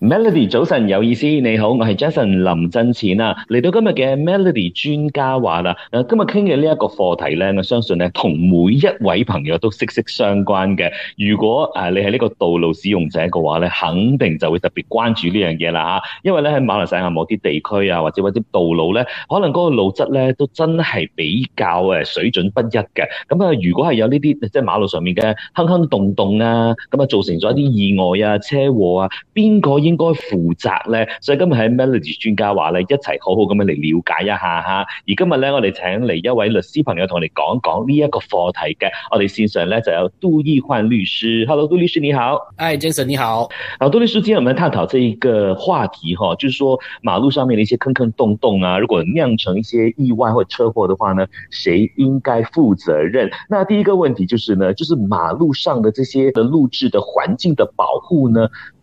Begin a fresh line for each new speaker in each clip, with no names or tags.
Melody，早晨有意思，你好，我係 Jason 林振錢啊。嚟到今日嘅 Melody 專家話啦，誒，今日傾嘅呢一個課題咧，我相信咧同每一位朋友都息息相關嘅。如果誒你係呢個道路使用者嘅話咧，肯定就會特別關注呢樣嘢啦吓。因為咧喺馬來西亞某啲地區啊，或者或者道路咧，可能嗰個路質咧都真係比較誒水準不一嘅。咁啊，如果係有呢啲即係馬路上面嘅坑坑洞洞啊，咁啊造成咗一啲意外啊、車禍啊，邊個？應該負責呢，所以今日喺 Melody 專家話呢，一齊好好咁樣嚟了解一下吓。而今日呢，我哋請嚟一位律師朋友同我哋講講呢一個課題嘅。我哋先上呢，就有杜奕煥律師，Hello，杜律師你好，Hi，Jason 你好。好，杜律師，今日我們探討這一個話題，哈，就是說馬路上面的一些坑坑洞洞啊，如果釀成一些意外或車禍的話呢，誰應該負責任？那第一個問題就是呢，就是馬路上的這些的路質的環境的保護呢？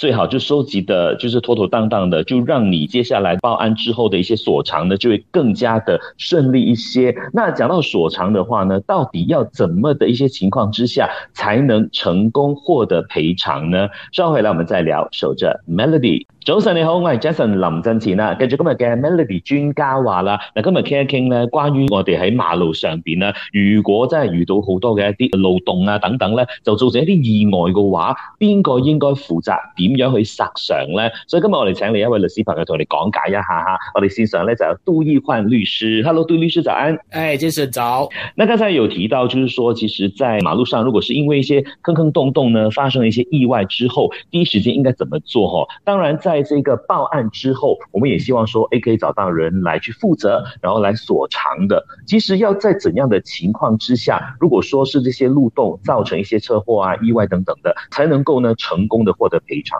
最好就收集的，就是妥妥當當的，就讓你接下來報案之後的一些索償呢，就會更加的順利一些。那講到索償的話呢，到底要怎麼的一些情況之下，才能成功獲得賠償呢？稍後回來我們再聊。守着 Melody，早晨你好，我是 Jason 林振前啦。跟住今日嘅 Melody 專家話啦，嗱今日傾一傾呢，關於我哋喺馬路上邊呢，如果真係遇到好多嘅一啲漏洞啊等等咧，就造成一啲意外嘅話，邊個應該負責？點？所以根本我嚟請你一位律師朋友同你講解一下哈，哈，我哋先上咧就杜奕煥律師，Hello，杜律師早安。哎，早晨，早。那剛才有提到，就是說，其實在馬路上如果是因為一些坑坑洞洞呢，發生了一些意外之後，第一時間應該怎麼做？哦。嗬，當然，在這個報案之後，我們也希望說，誒，可以找到人來去負責，然後來索償的。其實要在怎樣的情況之下，如果說是這些路洞造成一些車禍啊、意外等等的，才能夠呢成功的獲得賠償。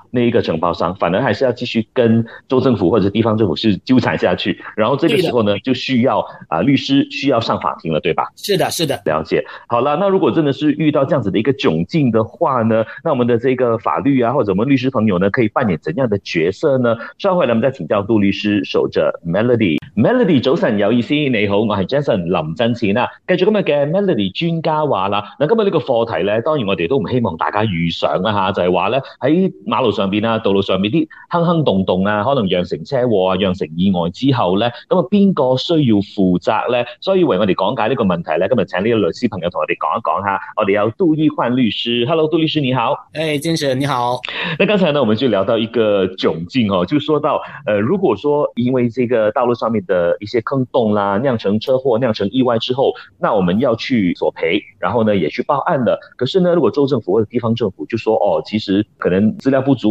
那一個承包商，反而還是要繼續跟州政府或者地方政府是糾纏下去，然後這個時候呢，的就需要啊、呃、律師需要上法庭了，對吧？是的，是的，了解。好了，那如果真的是遇到這樣子的一個窘境的話呢，那我們的這個法律啊，或者我們律師朋友呢，可以扮演怎樣的角色呢？稍後來我們再請教杜律師。守着 Melody，Melody Mel 早晨有意思，你好，我係 Jason 林真奇啦。繼續今日嘅 Melody 專家話啦，嗱，今日呢個課題呢，當然我哋都唔希望大家遇上啦吓，就係話呢，喺馬路上。上邊啊，道路上面啲坑坑洞洞啊，可能釀成車禍啊，釀成意外之後呢，咁啊邊個需要負責呢？所以為我哋講解呢個問題呢，今日請呢個律師朋友同我哋講一講吓。我哋有杜奕煥律師，Hello，杜律師你好。誒，hey, 先生你好。那剛才呢，我們就聊到一個窘境哦，就說到，呃，如果說因為這個道路上面的一些坑洞啦，釀成車禍，釀成意外之後，那我們要去索賠，然後呢，也去報案的。可是呢，如果州政府或者地方政府就說，哦，其實可能資料不足。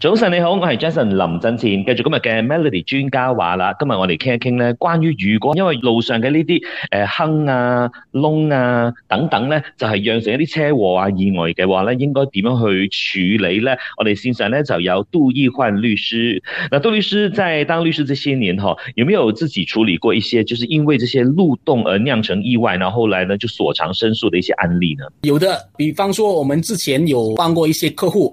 早晨你好，我是 Jason 林振健，繼續今日嘅 Melody 專家話啦。今日我哋傾一傾咧，關於如果因為路上嘅呢啲誒坑啊、窿啊等等咧，就係釀成一啲車禍啊、意外嘅話咧，應該點樣去處理咧？我哋綫上咧就有杜奕煥律師。那杜律師在當律師這些年，哈，有沒有自己處理過一些，就是因為這些路洞而釀成意外，然後後來呢就所長申訴的一些案例呢？
有的，比方說，我們之前有幫過一些客戶。